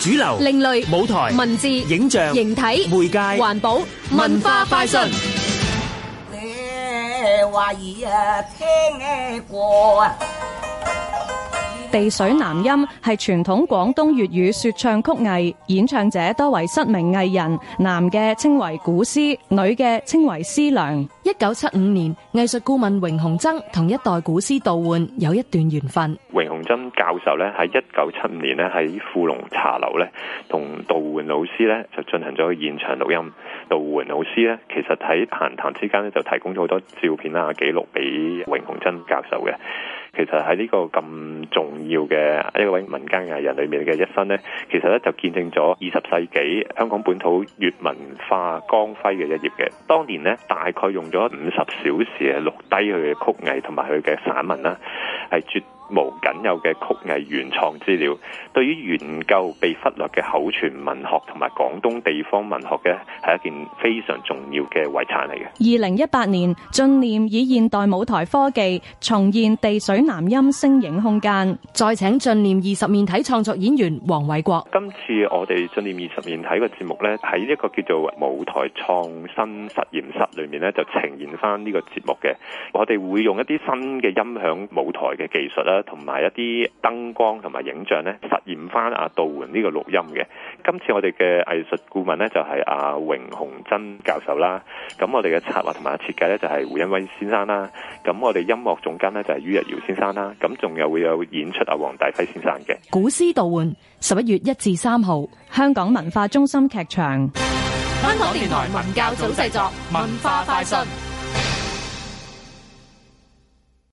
主流，另類，舞台，文字，曾教授咧喺一九七五年咧喺富隆茶樓咧，同杜煥老師咧就進行咗現場錄音。杜煥老師咧，其實喺閒談之間咧就提供咗好多照片啦、記錄俾榮鴻曾教授嘅。其實喺呢個咁重要嘅一位民間藝人裏面嘅一生咧，其實咧就見證咗二十世紀香港本土粵文化光輝嘅一頁嘅。當年咧大概用咗五十小時錄低佢嘅曲藝同埋佢嘅散文啦，係絕無僅有嘅曲藝原創資料，對於研究被忽略嘅口傳文學同埋廣東地方文學嘅，係一件非常重要嘅遺產嚟嘅。二零一八年，進念以現代舞台科技重現《地水南音》聲影空間，再請進念二十面體創作演員黃衛國。今次我哋進念二十面體嘅節目咧，喺一個叫做舞台創新實驗室裏面咧，就呈現翻呢個節目嘅。我哋會用一啲新嘅音響舞台嘅技術啦。同埋一啲燈光同埋影像咧，實現翻阿杜煥呢個錄音嘅。今次我哋嘅藝術顧問咧就係阿榮鴻珍教授啦。咁我哋嘅策劃同埋設計咧就係胡恩威先生啦。咁我哋音樂總監咧就係于日堯先生啦。咁仲有會有演出阿黃大輝先生嘅《古詩導喚》。十一月一至三號，香港文化中心劇場。香港電台文教組製作，文化快訊。